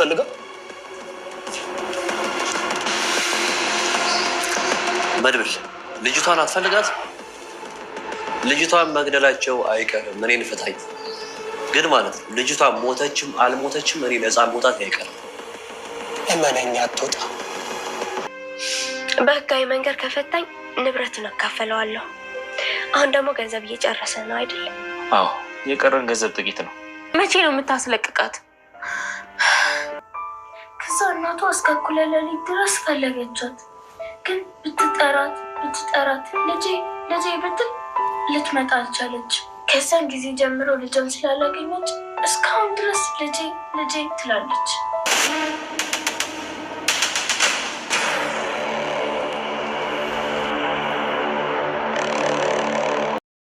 የሚያስፈልገው? መድብል ልጅቷን አትፈልጋት? ልጅቷን መግደላቸው አይቀርም። እኔን ፍታኝ ግን ማለት ነው ልጅቷን ሞተችም አልሞተችም እኔ ነፃ መውጣት አይቀርም። እመነኝ፣ አትወጣ። በህጋዊ መንገድ ከፈታኝ ንብረቱን አካፈለዋለሁ። አሁን ደግሞ ገንዘብ እየጨረሰ ነው አይደለም? አዎ፣ የቀረን ገንዘብ ጥቂት ነው። መቼ ነው የምታስለቅቃት? እናቷ እስከ እኩለ ሌሊት ድረስ ፈለገቻት። ግን ብትጠራት ብትጠራት ልጄ ልጄ ብትል ልትመጣ አልቻለች። ከዛን ጊዜ ጀምሮ ልጅም ስላላገኘች እስካሁን ድረስ ልጄ ልጄ ትላለች።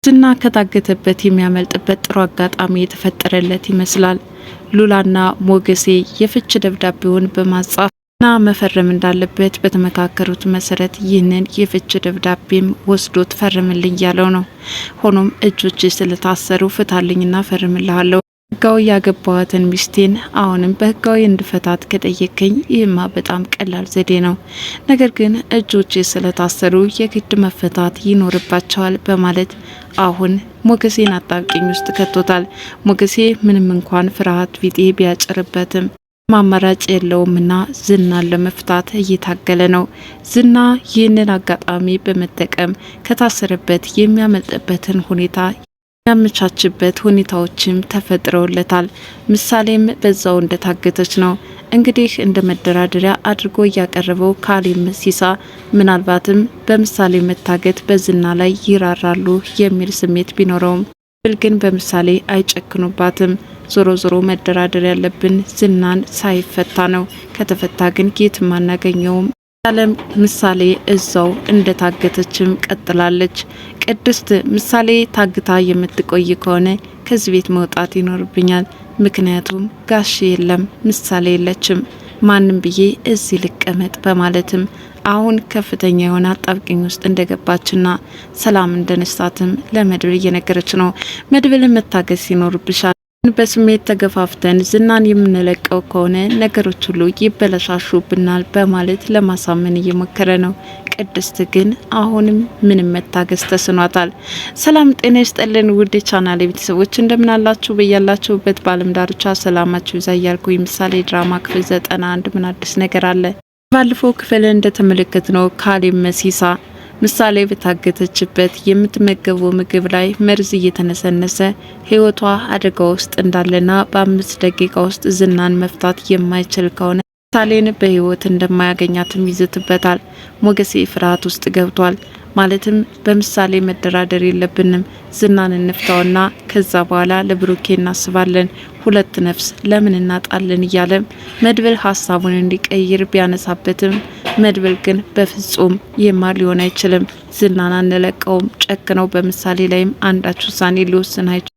ዝና ከታገተበት የሚያመልጥበት ጥሩ አጋጣሚ የተፈጠረለት ይመስላል። ሉላና ሞገሴ የፍች ደብዳቤውን በማጻፍ ና መፈረም እንዳለበት በተመካከሩት መሰረት ይህንን የፍች ደብዳቤም ወስዶት ፈርምልኝ ያለው ነው። ሆኖም እጆች ስለታሰሩ ፍታልኝና ፈርምልሃለሁ ህጋዊ ያገባዋትን ሚስቴን አሁንም በህጋዊ እንድፈታት ከጠየቀኝ ይህማ በጣም ቀላል ዘዴ ነው። ነገር ግን እጆቼ ስለታሰሩ የግድ መፈታት ይኖርባቸዋል በማለት አሁን ሞገሴን አጣብቂኝ ውስጥ ከቶታል። ሞገሴ ምንም እንኳን ፍርሃት ቢጤ ቢያጭርበትም ማማራጭ የለውምና ዝናን ለመፍታት እየታገለ ነው። ዝና ይህንን አጋጣሚ በመጠቀም ከታሰረበት የሚያመልጥበትን ሁኔታ ያመቻችበት ሁኔታዎችም ተፈጥረውለታል። ምሳሌም በዛው እንደታገተች ነው እንግዲህ እንደ መደራደሪያ አድርጎ እያቀረበው ካሌብ ሲሳ ምናልባትም በምሳሌ መታገት በዝና ላይ ይራራሉ የሚል ስሜት ቢኖረውም ብል ግን በምሳሌ አይጨክኑባትም። ዞሮ ዞሮ መደራደር ያለብን ዝናን ሳይፈታ ነው። ከተፈታ ግን የትም አናገኘውም ያለ ምሳሌ እዛው እንደታገተችም ቀጥላለች። ቅድስት ምሳሌ ታግታ የምትቆይ ከሆነ ከዚህ ቤት መውጣት ይኖርብኛል፣ ምክንያቱም ጋሽ የለም፣ ምሳሌ የለችም፣ ማንም ብዬ እዚህ ልቀመጥ በማለትም አሁን ከፍተኛ የሆነ አጣብቂኝ ውስጥ እንደገባችና ሰላም እንደነሳትም ለመድብል እየነገረች ነው። መድብል መታገስ ይኖርብሻል በስሜት ተገፋፍተን ዝናን የምንለቀው ከሆነ ነገሮች ሁሉ ይበለሻሹብናል በማለት ለማሳመን እየሞከረ ነው። ቅድስት ግን አሁንም ምንም መታገስ ተስኗታል። ሰላም ጤና ይስጥልን ውድ ቻናል ቤተሰቦች እንደምናላችሁ በያላችሁበት በአለም ዳርቻ ሰላማችሁ ይዛ እያልኩ ምሳሌ ድራማ ክፍል ዘጠና አንድ ምን አዲስ ነገር አለ? ባለፈው ክፍል እንደተመለከት ነው ካሌብ መሲሳ ምሳሌ በታገተችበት የምትመገበው ምግብ ላይ መርዝ እየተነሰነሰ ህይወቷ አደጋ ውስጥ እንዳለና በአምስት ደቂቃ ውስጥ ዝናን መፍታት የማይችል ከሆነ ምሳሌን በህይወት እንደማያገኛትም ይዝትበታል። ሞገሴ ፍርሃት ውስጥ ገብቷል። ማለትም በምሳሌ መደራደር የለብንም ዝናን እንፍታውና ከዛ በኋላ ለብሩኬ እናስባለን ሁለት ነፍስ ለምን እናጣለን እያለ መድብል ሀሳቡን እንዲቀይር ቢያነሳበትም መድብል ግን በፍጹም ይህማ ሊሆን አይችልም፣ ዝናን አንለቀውም፣ ጨክነው በምሳሌ ላይም አንዳች ውሳኔ ሊወስን አይችልም።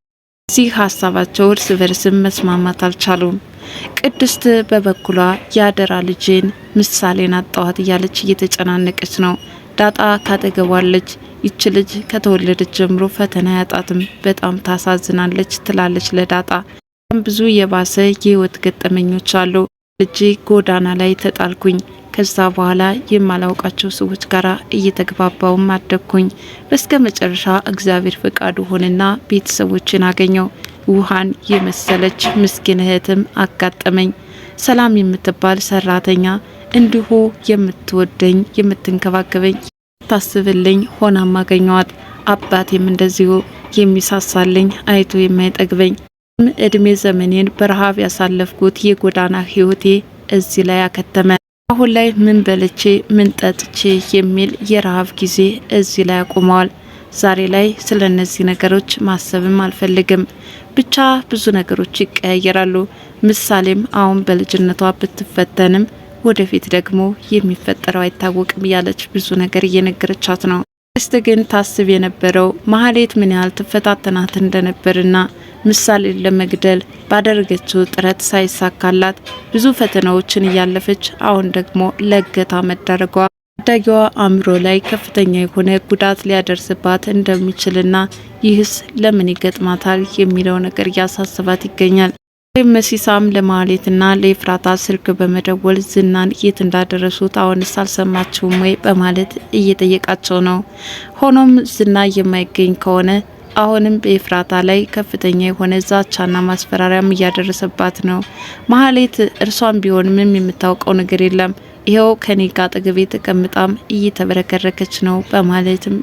እዚህ ሀሳባቸው እርስ በርስም መስማማት አልቻሉም። ቅድስት በበኩሏ የአደራ ልጄን ምሳሌን አጣዋት እያለች እየተጨናነቀች ነው። ዳጣ ካጠገቧለች። ይች ልጅ ከተወለደች ጀምሮ ፈተና ያጣትም በጣም ታሳዝናለች ትላለች ለዳጣ ብዙ የባሰ የህይወት ገጠመኞች አሉ። እጅ ጎዳና ላይ ተጣልኩኝ። ከዛ በኋላ የማላውቃቸው ሰዎች ጋር እየተግባባውም አደግኩኝ። በስከ መጨረሻ እግዚአብሔር ፈቃዱ ሆንና ቤተሰቦችን አገኘው። ውሃን የመሰለች ምስኪን እህትም አጋጠመኝ። ሰላም የምትባል ሰራተኛ እንዲሁ የምትወደኝ የምትንከባከበኝ ታስብልኝ ሆናም አገኘዋት። አባቴም እንደዚሁ የሚሳሳልኝ አይቶ የማይጠግበኝ እድሜ ዘመኔን በረሃብ ያሳለፍኩት የጎዳና ህይወቴ እዚህ ላይ አከተመ። አሁን ላይ ምን በልቼ ምን ጠጥቼ የሚል የረሃብ ጊዜ እዚህ ላይ አቁመዋል። ዛሬ ላይ ስለ እነዚህ ነገሮች ማሰብም አልፈልግም። ብቻ ብዙ ነገሮች ይቀያየራሉ። ምሳሌም አሁን በልጅነቷ ብትፈተንም ወደፊት ደግሞ የሚፈጠረው አይታወቅም እያለች ብዙ ነገር እየነገረቻት ነው። እስቲ ግን ታስብ የነበረው ማህሌት ምን ያህል ትፈታተናት እንደነበርና ምሳሌን ለመግደል ባደረገችው ጥረት ሳይሳካላት ብዙ ፈተናዎችን እያለፈች አሁን ደግሞ ለእገታ መዳረጓ ታዳጊዋ አእምሮ ላይ ከፍተኛ የሆነ ጉዳት ሊያደርስባት እንደሚችልና ይህስ ለምን ይገጥማታል የሚለው ነገር እያሳሰባት ይገኛል። ወይም መሲሳም ለማህሌትና ለኤፍራታ ስልክ በመደወል ዝናን የት እንዳደረሱት አሁንስ አልሰማችሁም ወይ በማለት እየጠየቃቸው ነው። ሆኖም ዝና የማይገኝ ከሆነ አሁንም በኤፍራታ ላይ ከፍተኛ የሆነ ዛቻና ማስፈራሪያም እያደረሰባት ነው። ማህሌት እርሷን ቢሆን ምንም የምታውቀው ነገር የለም ይኸው ከኔ ጋር አጠገቤ ተቀምጣም እየተበረከረከች ነው በማለትም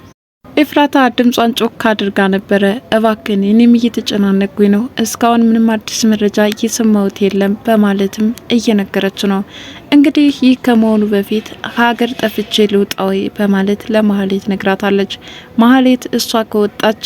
ኤፍራታ ድምጿን ጮክ አድርጋ ነበረ። እባክን እኔም እየተጨናነኩኝ ነው፣ እስካሁን ምንም አዲስ መረጃ እየሰማሁት የለም በማለትም እየነገረች ነው። እንግዲህ ይህ ከመሆኑ በፊት ሀገር ጠፍቼ ልውጣ ወይ በማለት ለማህሌት ነግራታለች። ማህሌት እሷ ከወጣች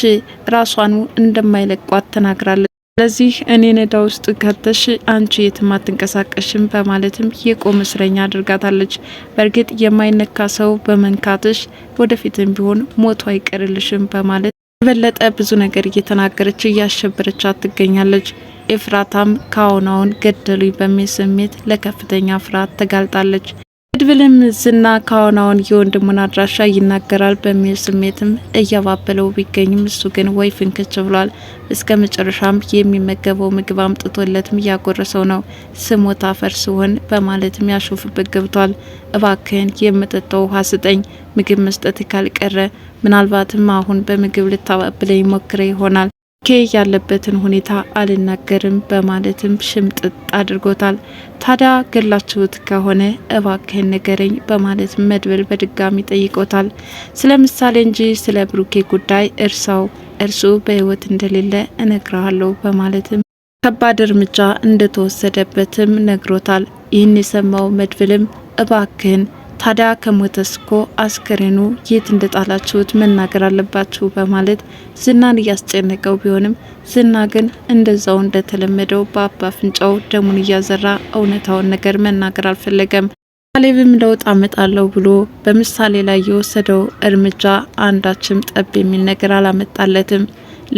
ራሷኑ እንደማይለቋት ተናግራለች። ስለዚህ እኔ ነዳ ውስጥ ከተሽ አንቺ የትም አትንቀሳቀሽም በማለትም የቆም እስረኛ አድርጋታለች። በእርግጥ የማይነካ ሰው በመንካትሽ ወደፊትም ቢሆን ሞቱ አይቀርልሽም በማለት የበለጠ ብዙ ነገር እየተናገረች እያሸበረች ትገኛለች። ኤፍራታም ካሁናውን ገደሉኝ በሚል ስሜት ለከፍተኛ ፍርሃት ተጋልጣለች። መድብልም ዝና ካሁናውን የወንድሙን አድራሻ ይናገራል በሚል ስሜትም እያባበለው ቢገኝም እሱ ግን ወይ ፍንክች ብሏል። እስከ መጨረሻም የሚመገበው ምግብ አምጥቶለትም እያጎረሰው ነው። ስሞት አፈር ሲሆን በማለትም ያሾፍበት ገብቷል። እባክህን የምጠጣው ውሃ ስጠኝ፣ ምግብ መስጠት ካልቀረ ምናልባትም አሁን በምግብ ልታባብለኝ ሞክረ ይሆናል ኬ ያለበትን ሁኔታ አልናገርም በማለትም ሽምጥጥ አድርጎታል። ታዲያ ገላችሁት ከሆነ እባክህን ንገረኝ በማለት መድብል በድጋሚ ጠይቆታል። ስለ ምሳሌ እንጂ ስለ ብሩኬ ጉዳይ እርሳው፣ እርሱ በህይወት እንደሌለ እነግረሃለሁ በማለትም ከባድ እርምጃ እንደተወሰደበትም ነግሮታል። ይህን የሰማው መድብልም እባክህን ታዲያ ከሞተስ እኮ አስከሬኑ የት እንደጣላችሁት መናገር አለባችሁ በማለት ዝናን እያስጨነቀው ቢሆንም ዝና ግን እንደዛው እንደተለመደው በአባ አፍንጫው ደሙን እያዘራ እውነታውን ነገር መናገር አልፈለገም። ካሌብም ለውጥ አመጣለሁ ብሎ በምሳሌ ላይ የወሰደው እርምጃ አንዳችም ጠብ የሚል ነገር አላመጣለትም።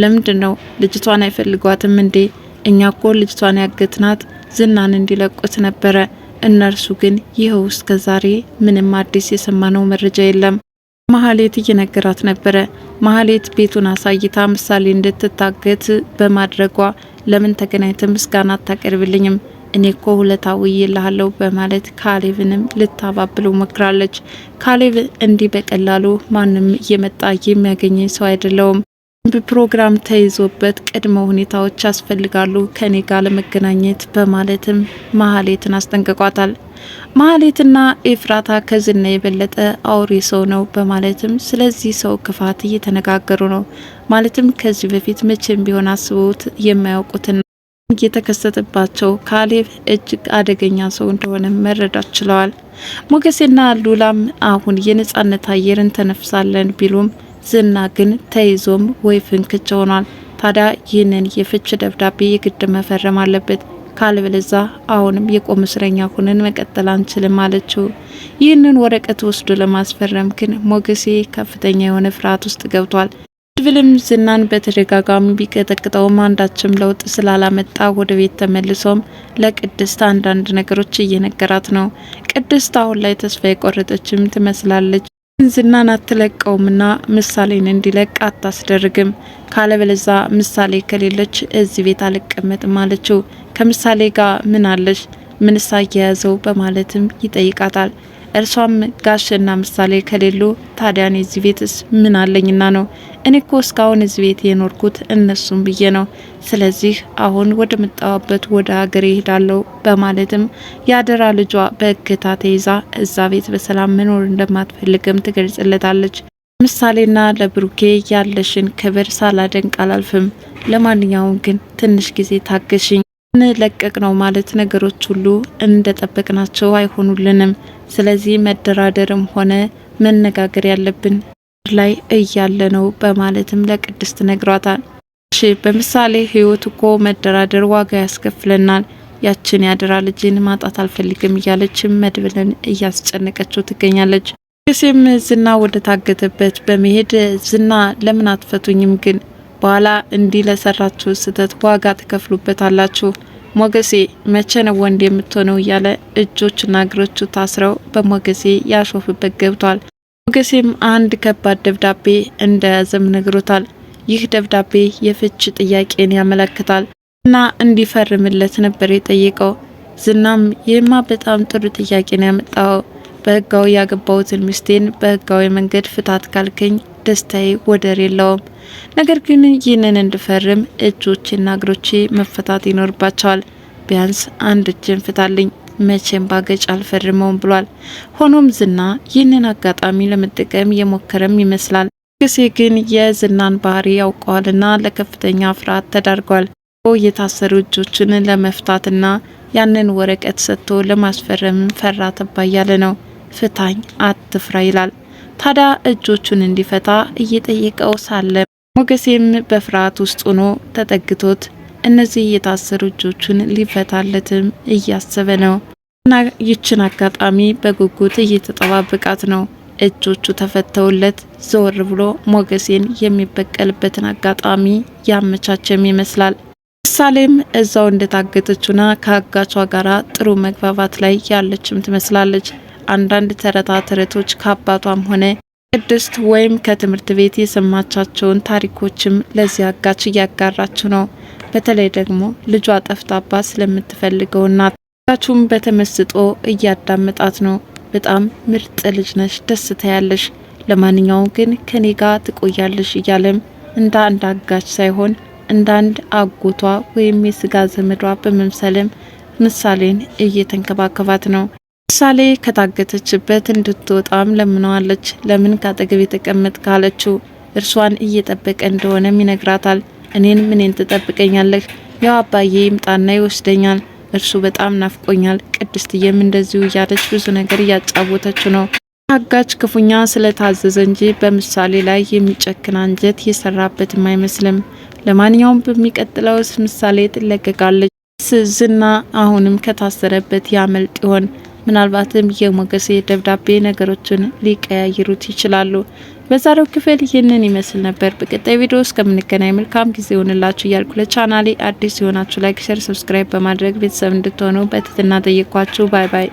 ለምንድ ነው ልጅቷን አይፈልጓትም እንዴ? እኛ ኮ ልጅቷን ያገትናት ዝናን እንዲለቁት ነበረ እነርሱ ግን ይኸው እስከ ዛሬ ምንም አዲስ የሰማነው መረጃ የለም። መሀሌት እየነገራት ነበረ። መሀሌት ቤቱን አሳይታ ምሳሌ እንድትታገት በማድረጓ ለምን ተገናኝተን ምስጋና አታቀርብልኝም? እኔ እኮ ሁለታ ውዬልሃለሁ በማለት ካሌብንም ልታባብለው ሞክራለች። ካሌብ እንዲህ በቀላሉ ማንም እየመጣ የሚያገኘኝ ሰው አይደለውም ፕሮግራም ተይዞበት ቅድመ ሁኔታዎች ያስፈልጋሉ ከኔ ጋር ለመገናኘት በማለትም ማህሌትን አስጠንቅቋታል። ማህሌትና ኤፍራታ ከዝና የበለጠ አውሬ ሰው ነው በማለትም ስለዚህ ሰው ክፋት እየተነጋገሩ ነው። ማለትም ከዚህ በፊት መቼም ቢሆን አስበውት የማያውቁትና እየተከሰተባቸው ካሌብ እጅግ አደገኛ ሰው እንደሆነ መረዳት ችለዋል። ሞገሴና ሉላም አሁን የነጻነት አየርን ተነፍሳለን ቢሉም ዝና ግን ተይዞም ወይ ፍንክች ሆኗል። ታዲያ ይህንን የፍች ደብዳቤ የግድ መፈረም አለበት ካልብልዛ አሁንም የቆም እስረኛ ሁንን መቀጠል አንችልም አለችው። ይህንን ወረቀት ወስዶ ለማስፈረም ግን ሞገሴ ከፍተኛ የሆነ ፍርሃት ውስጥ ገብቷል። ድብልም ዝናን በተደጋጋሚ ቢቀጠቅጠውም አንዳችም ለውጥ ስላላመጣ ወደ ቤት ተመልሶም ለቅድስት አንዳንድ ነገሮች እየነገራት ነው። ቅድስት አሁን ላይ ተስፋ የቆረጠችም ትመስላለች። ዝናን አትለቀውምና ምሳሌን እንዲለቅ አታስደርግም። ካለበለዛ ምሳሌ ከሌለች እዚህ ቤት አልቀመጥም አለችው። ከምሳሌ ጋር ምን አለሽ? ምንስ አያያዘው በማለትም ይጠይቃታል። እርሷም ጋሽና ምሳሌ ከሌሉ ታዲያን እዚህ ቤትስ ምን አለኝና ነው? እኔ እኮ እስካሁን እዚህ ቤት የኖርኩት እነሱም ብዬ ነው። ስለዚህ አሁን ወደ መጣሁበት ወደ ሀገሬ ይሄዳለሁ በማለትም የአደራ ልጇ በእገታ ተይዛ እዛ ቤት በሰላም መኖር እንደማትፈልግም ትገልጽለታለች። ምሳሌና ለብሩኬ ያለሽን ክብር ሳላደንቅ አላልፍም። ለማንኛውም ግን ትንሽ ጊዜ ታገሽኝ እንለቀቅ ነው ማለት ነገሮች ሁሉ እንደጠበቅናቸው አይሆኑልንም። ስለዚህ መደራደርም ሆነ መነጋገር ያለብን ላይ እያለ ነው በማለትም ለቅድስት ነግሯታል። እሺ በምሳሌ ህይወት እኮ መደራደር ዋጋ ያስከፍለናል፣ ያችን ያደራ ልጅን ማጣት አልፈልግም እያለች መድብልን እያስጨነቀችው ትገኛለች። ሴም ዝና ወደ ታገተበት በመሄድ ዝና ለምን አትፈቱኝም ግን በኋላ እንዲህ ለሰራችሁ ስህተት ዋጋ ትከፍሉበታላችሁ ሞገሴ መቼ ነው ወንድ የምትሆነው እያለ እጆችና እግሮቹ ታስረው በሞገሴ ያሾፍበት ገብቷል። ሞገሴም አንድ ከባድ ደብዳቤ እንደያዘም ነግሮታል። ይህ ደብዳቤ የፍች ጥያቄን ያመለክታል እና እንዲፈርምለት ነበር የጠየቀው። ዝናም ይህማ በጣም ጥሩ ጥያቄን ያመጣው፣ በህጋዊ ያገባሁትን ሚስቴን በህጋዊ መንገድ ፍታት ካልከኝ ደስታዬ ወደር የለውም። ነገር ግን ይህንን እንድፈርም እጆቼና እግሮቼ መፈታት ይኖርባቸዋል። ቢያንስ አንድ እጅን ፍታልኝ፣ መቼም ባገጭ አልፈርመውም ብሏል። ሆኖም ዝና ይህንን አጋጣሚ ለመጠቀም የሞከረም ይመስላል። ግሴ ግን የዝናን ባህሪ ያውቀዋልና ለከፍተኛ ፍርሃት ተዳርጓል። የታሰሩ እጆችን ለመፍታትና ያንን ወረቀት ሰጥቶ ለማስፈረም ፈራ ተባያለ ነው። ፍታኝ፣ አትፍራ ይላል። ታዲያ እጆቹን እንዲፈታ እየጠየቀው ሳለ ሞገሴም በፍርሃት ውስጥ ሆኖ ተጠግቶት እነዚህ የታሰሩ እጆቹን ሊፈታለትም እያሰበ ነው እና ይችን አጋጣሚ በጉጉት እየተጠባበቃት ነው። እጆቹ ተፈተውለት ዘወር ብሎ ሞገሴን የሚበቀልበትን አጋጣሚ ያመቻቸም ይመስላል። ምሳሌም እዛው እንደታገተችና ከአጋቿ ጋራ ጥሩ መግባባት ላይ ያለችም ትመስላለች። አንዳንድ ተረታ ተረቶች ከአባቷም ሆነ ቅድስት ወይም ከትምህርት ቤት የሰማቻቸውን ታሪኮችም ለዚህ አጋች እያጋራችው ነው። በተለይ ደግሞ ልጇ ጠፍታባ ስለምትፈልገው ናት። አጋቹም በተመስጦ እያዳመጣት ነው። በጣም ምርጥ ልጅ ነች ደስ ታያለሽ፣ ለማንኛውም ግን ከኔ ጋር ትቆያለሽ እያለም እንደ አንድ አጋች ሳይሆን እንደ አንድ አጎቷ ወይም የስጋ ዘመዷ በመምሰልም ምሳሌን እየተንከባከባት ነው። ምሳሌ ከታገተችበት እንድትወጣም ለምነዋለች። ለምን ካጠገብ የተቀመጥ ካለችው እርሷን እየጠበቀ እንደሆነም ይነግራታል። እኔን ምንን ትጠብቀኛለህ? ያው አባዬ ይምጣና ይወስደኛል። እርሱ በጣም ናፍቆኛል። ቅድስትዬም እንደዚሁ እያለች ብዙ ነገር እያጫወተችው ነው። ታጋች ክፉኛ ስለታዘዘ እንጂ በምሳሌ ላይ የሚጨክን አንጀት የሰራበትም አይመስልም። ለማንኛውም በሚቀጥለውስ ምሳሌ ትለቀቃለች? ስዝና አሁንም ከታሰረበት ያመልጥ ይሆን? ምናልባትም የሞገሴ ደብዳቤ ነገሮችን ሊቀያይሩት ይችላሉ። በዛሬው ክፍል ይህንን ይመስል ነበር። በቀጣይ ቪዲዮ እስከምንገናኝ መልካም ጊዜ ሆንላችሁ እያልኩ ለቻናሌ አዲስ የሆናችሁ ላይክ፣ ሸር፣ ሰብስክራይብ በማድረግ ቤተሰብ እንድትሆኑ በትህትና ጠየቅኳችሁ። ባይ ባይ።